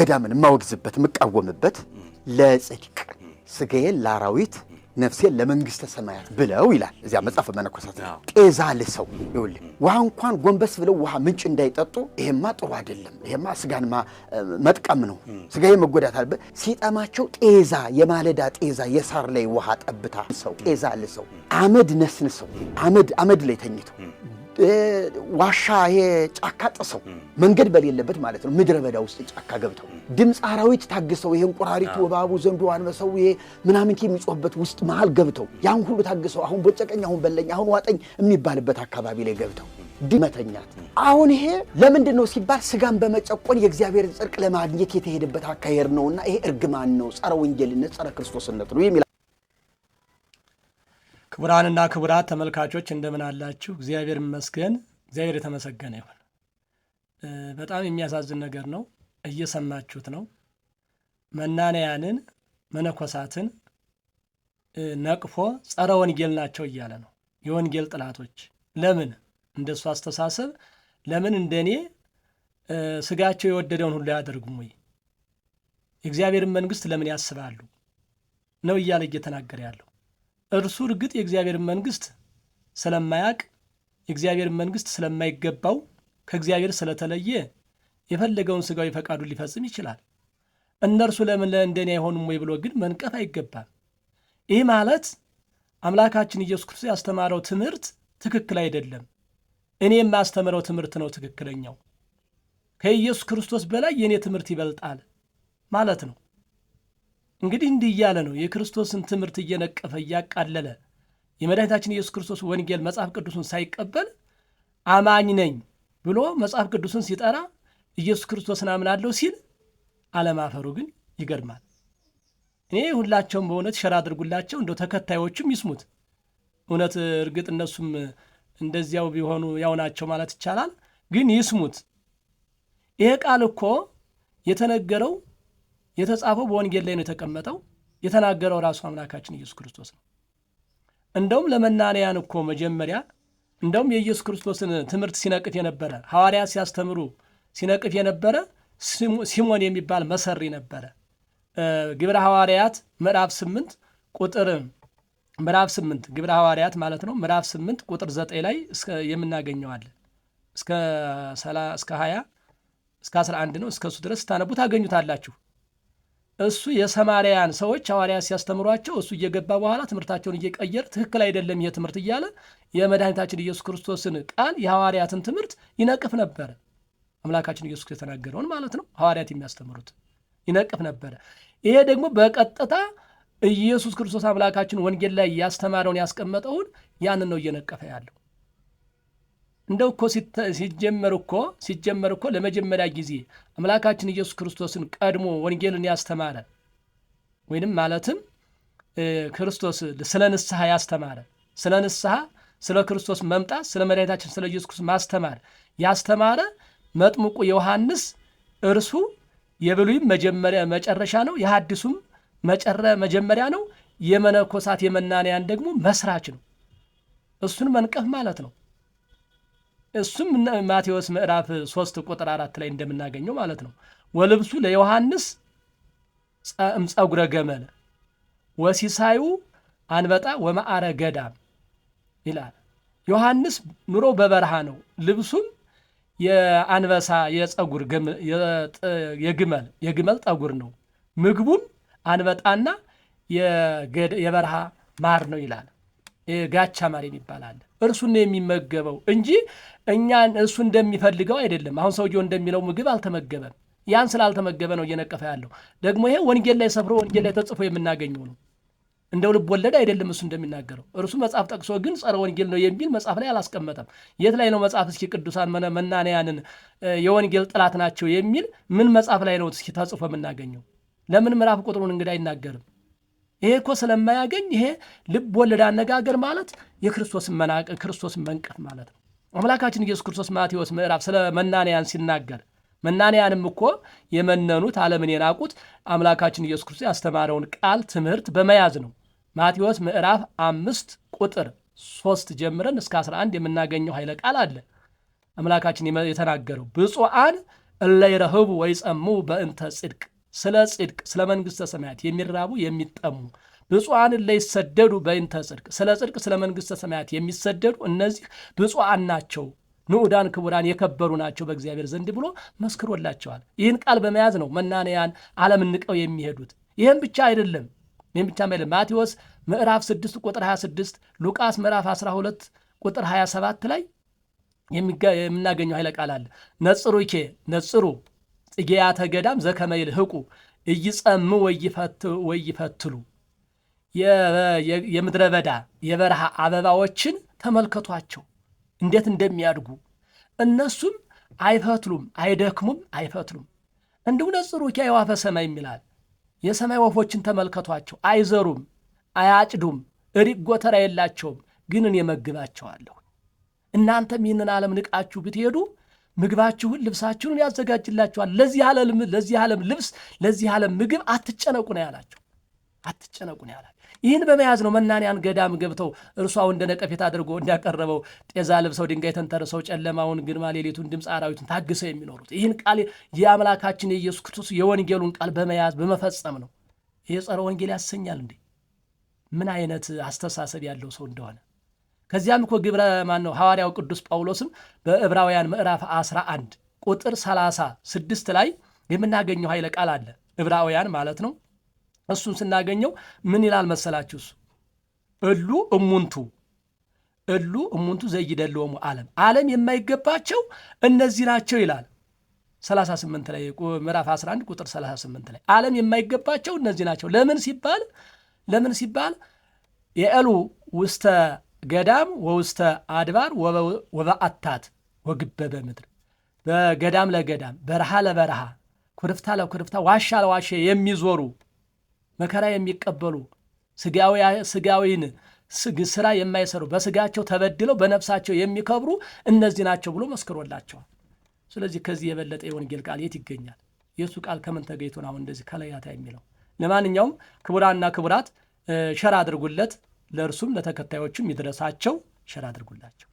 ገዳምን የማወግዝበት የምቃወምበት ለጽድቅ ስጋዬን ለአራዊት ነፍሴን ለመንግስተ ሰማያት ብለው ይላል። እዚያ መጽሐፈ መነኮሳት ጤዛ ልሰው ይኸውልህ፣ ውሃ እንኳን ጎንበስ ብለው ውሃ ምንጭ እንዳይጠጡ፣ ይሄማ ጥሩ አይደለም፣ ይሄማ ስጋን መጥቀም ነው፣ ስጋዬ መጎዳት አለበ ሲጠማቸው ጤዛ፣ የማለዳ ጤዛ፣ የሳር ላይ ውሃ ጠብታ ሰው ጤዛ ልሰው፣ አመድ ነስንሰው፣ አመድ አመድ ላይ ተኝተው ዋሻ ይሄ ጫካ ጥሰው መንገድ በሌለበት ማለት ነው። ምድረ በዳ ውስጥ ጫካ ገብተው ድምፅ አራዊት ታግሰው ይሄን እንቁራሪቱ፣ እባቡ፣ ዘንዶ፣ አንበሳው ይሄ ምናምንት የሚጮህበት ውስጥ መሃል ገብተው ያን ሁሉ ታግሰው አሁን ቦጨቀኝ፣ አሁን በለኝ፣ አሁን ዋጠኝ የሚባልበት አካባቢ ላይ ገብተው መተኛት። አሁን ይሄ ለምንድን ነው ሲባል ስጋን በመጨቆን የእግዚአብሔርን ጽድቅ ለማግኘት የተሄደበት አካሄድ ነውና ይሄ እርግማን ነው፣ ጸረ ወንጌልነት፣ ጸረ ክርስቶስነት ነው የሚል ክቡራንና ክቡራት ተመልካቾች እንደምን አላችሁ? እግዚአብሔር ይመስገን። እግዚአብሔር የተመሰገነ ይሁን። በጣም የሚያሳዝን ነገር ነው። እየሰማችሁት ነው። መናንያንን መነኮሳትን ነቅፎ ጸረ ወንጌል ናቸው እያለ ነው። የወንጌል ጥላቶች ለምን እንደሱ አስተሳሰብ ለምን እንደኔ ስጋቸው የወደደውን ሁሉ አያደርጉም ወይ? የእግዚአብሔርን መንግስት ለምን ያስባሉ ነው እያለ እየተናገረ ያለው እርሱ እርግጥ የእግዚአብሔር መንግስት ስለማያቅ የእግዚአብሔር መንግስት ስለማይገባው ከእግዚአብሔር ስለተለየ የፈለገውን ስጋዊ ፈቃዱን ሊፈጽም ይችላል። እነርሱ ለምን ለእንደኔ አይሆኑም ወይ ብሎ ግን መንቀፍ አይገባም። ይህ ማለት አምላካችን ኢየሱስ ክርስቶስ ያስተማረው ትምህርት ትክክል አይደለም። እኔ የማስተምረው ትምህርት ነው ትክክለኛው። ከኢየሱስ ክርስቶስ በላይ የእኔ ትምህርት ይበልጣል ማለት ነው። እንግዲህ እንዲህ እያለ ነው የክርስቶስን ትምህርት እየነቀፈ እያቃለለ የመድኃኒታችን ኢየሱስ ክርስቶስ ወንጌል መጽሐፍ ቅዱስን ሳይቀበል አማኝ ነኝ ብሎ መጽሐፍ ቅዱስን ሲጠራ ኢየሱስ ክርስቶስን አምናለሁ ሲል አለማፈሩ ግን ይገርማል። እኔ ሁላቸውም በእውነት ሸራ አድርጉላቸው፣ እንደው ተከታዮቹም ይስሙት። እውነት እርግጥ እነሱም እንደዚያው ቢሆኑ ያው ናቸው ማለት ይቻላል፣ ግን ይስሙት። ይሄ ቃል እኮ የተነገረው የተጻፈው በወንጌል ላይ ነው የተቀመጠው። የተናገረው ራሱ አምላካችን ኢየሱስ ክርስቶስ ነው። እንደውም ለመናንያን እኮ መጀመሪያ እንደውም የኢየሱስ ክርስቶስን ትምህርት ሲነቅፍ የነበረ ሐዋርያ ሲያስተምሩ ሲነቅፍ የነበረ ሲሞን የሚባል መሰሪ ነበረ። ግብረ ሐዋርያት ምዕራፍ ስምንት ቁጥር ምዕራፍ ስምንት ግብረ ሐዋርያት ማለት ነው። ምዕራፍ ስምንት ቁጥር ዘጠኝ ላይ የምናገኘዋለን እስከ ሀያ እስከ አስራ አንድ ነው። እስከ እሱ ድረስ ስታነቡ ታገኙታላችሁ። እሱ የሰማርያን ሰዎች ሐዋርያት ሲያስተምሯቸው እሱ እየገባ በኋላ ትምህርታቸውን እየቀየር ትክክል አይደለም ይህ ትምህርት እያለ የመድኃኒታችን ኢየሱስ ክርስቶስን ቃል የሐዋርያትን ትምህርት ይነቅፍ ነበረ። አምላካችን ኢየሱስ የተናገረውን ማለት ነው። ሐዋርያት የሚያስተምሩት ይነቅፍ ነበረ። ይሄ ደግሞ በቀጥታ ኢየሱስ ክርስቶስ አምላካችን ወንጌል ላይ ያስተማረውን ያስቀመጠውን ያንን ነው እየነቀፈ ያለው። እንደው እኮ ሲጀመር እኮ ሲጀመር እኮ ለመጀመሪያ ጊዜ አምላካችን ኢየሱስ ክርስቶስን ቀድሞ ወንጌልን ያስተማረ ወይንም ማለትም ክርስቶስ ስለ ንስሐ ያስተማረ ስለ ንስሐ ስለ ክርስቶስ መምጣት ስለ መድኃኒታችን ስለ ኢየሱስ ክርስቶስ ማስተማር ያስተማረ መጥምቁ ዮሐንስ እርሱ የብሉይም መጀመሪያ መጨረሻ ነው፣ የሐዲሱም መጀመሪያ ነው፣ የመነኮሳት የመናንያን ደግሞ መስራች ነው። እሱን መንቀፍ ማለት ነው። እሱም ማቴዎስ ምዕራፍ ሶስት ቁጥር አራት ላይ እንደምናገኘው ማለት ነው። ወልብሱ ለዮሐንስ እምፀጉረ ገመለ ወሲሳዩ አንበጣ ወማአረ ገዳም ይላል። ዮሐንስ ኑሮ በበረሃ ነው። ልብሱም የአንበሳ የጸጉር የግመል የግመል ጠጉር ነው። ምግቡም አንበጣና የበረሃ ማር ነው ይላል። ጋቻ ማር አለ። እርሱን ነው የሚመገበው እንጂ እኛን እሱ እንደሚፈልገው አይደለም። አሁን ሰውየው እንደሚለው ምግብ አልተመገበም። ያን ስላልተመገበ ነው እየነቀፈ ያለው። ደግሞ ይሄ ወንጌል ላይ ሰፍሮ ወንጌል ላይ ተጽፎ የምናገኘው ነው። እንደው ልብ ወለድ አይደለም እሱ እንደሚናገረው። እርሱ መጽሐፍ ጠቅሶ ግን ጸረ ወንጌል ነው የሚል መጽሐፍ ላይ አላስቀመጠም። የት ላይ ነው መጽሐፍ እስኪ ቅዱሳን መናንያንን የወንጌል ጥላት ናቸው የሚል ምን መጽሐፍ ላይ ነው እስኪ ተጽፎ የምናገኘው? ለምን ምዕራፍ ቁጥሩን እንግዲህ አይናገርም? ይሄ እኮ ስለማያገኝ ይሄ ልብ ወለድ አነጋገር ማለት የክርስቶስን መናቅ ክርስቶስን መንቀፍ ማለት ነው። አምላካችን ኢየሱስ ክርስቶስ ማቴዎስ ምዕራፍ ስለ መናንያን ሲናገር መናንያንም እኮ የመነኑት ዓለምን የናቁት አምላካችን ኢየሱስ ክርስቶስ ያስተማረውን ቃል ትምህርት በመያዝ ነው። ማቴዎስ ምዕራፍ አምስት ቁጥር ሶስት ጀምረን እስከ 11 የምናገኘው ኃይለ ቃል አለ። አምላካችን የተናገረው ብፁዓን እለ ይረህቡ ወይጸሙ በእንተ ጽድቅ፣ ስለ ጽድቅ ስለ መንግሥተ ሰማያት የሚራቡ የሚጠሙ ብፁዓን ለይሰደዱ በእንተ ጽድቅ፣ ስለ ጽድቅ ስለ መንግሥተ ሰማያት የሚሰደዱ እነዚህ ብፁዓን ናቸው፣ ንዑዳን ክቡራን የከበሩ ናቸው በእግዚአብሔር ዘንድ ብሎ መስክሮላቸዋል። ይህን ቃል በመያዝ ነው መናንያን ዓለም ንቀው የሚሄዱት። ይህም ብቻ አይደለም ይህም ብቻ አይደለም። ማቴዎስ ምዕራፍ 6 ቁጥር 26፣ ሉቃስ ምዕራፍ 12 ቁጥር 27 ላይ የምናገኘው ኃይለ ቃል አለ። ነጽሩኬ ነጽሩ ጽጌያተ ገዳም ዘከመይል ህቁ እይጸም ወይፈትሉ የምድረ በዳ የበረሃ አበባዎችን ተመልከቷቸው እንዴት እንደሚያድጉ እነሱም አይፈትሉም፣ አይደክሙም፣ አይፈትሉም። እንዲሁ ነጽሩ ኪያ የዋፈ ሰማይ የሚላል የሰማይ ወፎችን ተመልከቷቸው። አይዘሩም፣ አያጭዱም፣ እሪቅ ጎተራ የላቸውም፣ ግን እኔ መግባቸዋለሁ። እናንተም ይህንን ዓለም ንቃችሁ ብትሄዱ ምግባችሁን፣ ልብሳችሁን ያዘጋጅላችኋል። ለዚህ ዓለም ልብስ፣ ለዚህ ዓለም ምግብ አትጨነቁ ነው ያላቸው። አትጨነቁ ነው ያላት። ይህን በመያዝ ነው መናንያን ገዳም ገብተው እርሷው እንደ ነቀፌት አድርጎ እንዳቀረበው ጤዛ ለብሰው ድንጋይ ተንተርሰው ጨለማውን ግርማ ሌሊቱን ድምፅ አራዊቱን ታግሰው የሚኖሩት ይህን ቃል የአምላካችን የኢየሱስ ክርስቶስ የወንጌሉን ቃል በመያዝ በመፈጸም ነው። ይህ ጸረ ወንጌል ያሰኛል እንዴ! ምን አይነት አስተሳሰብ ያለው ሰው እንደሆነ ከዚያም እኮ ግብረ ማን ነው ሐዋርያው ቅዱስ ጳውሎስም በዕብራውያን ምዕራፍ 11 ቁጥር 36 ላይ የምናገኘው ኃይለ ቃል አለ ዕብራውያን ማለት ነው እሱን ስናገኘው ምን ይላል መሰላችሁ? እሱ እሉ እሙንቱ እሉ እሙንቱ ዘይደለውሙ ዓለም ዓለም የማይገባቸው እነዚህ ናቸው ይላል 38 ላይ ምዕራፍ 11 ቁጥር 38 ላይ ዓለም የማይገባቸው እነዚህ ናቸው። ለምን ሲባል ለምን ሲባል የእሉ ውስተ ገዳም ወውስተ አድባር ወበአታት ወግበበ ምድር በገዳም ለገዳም በረሃ ለበረሃ ኩርፍታ ለኩርፍታ ዋሻ ለዋሻ የሚዞሩ መከራ የሚቀበሉ ስጋዊን ስራ የማይሰሩ በስጋቸው ተበድለው በነፍሳቸው የሚከብሩ እነዚህ ናቸው ብሎ መስክሮላቸዋል። ስለዚህ ከዚህ የበለጠ የወንጌል ቃል የት ይገኛል? የእሱ ቃል ከምን ተገኝቶን አሁን እንደዚህ ከለያታ የሚለው ለማንኛውም ክቡራንና ክቡራት ሸር አድርጉለት፣ ለእርሱም ለተከታዮቹም ይድረሳቸው። ሸር አድርጉላቸው።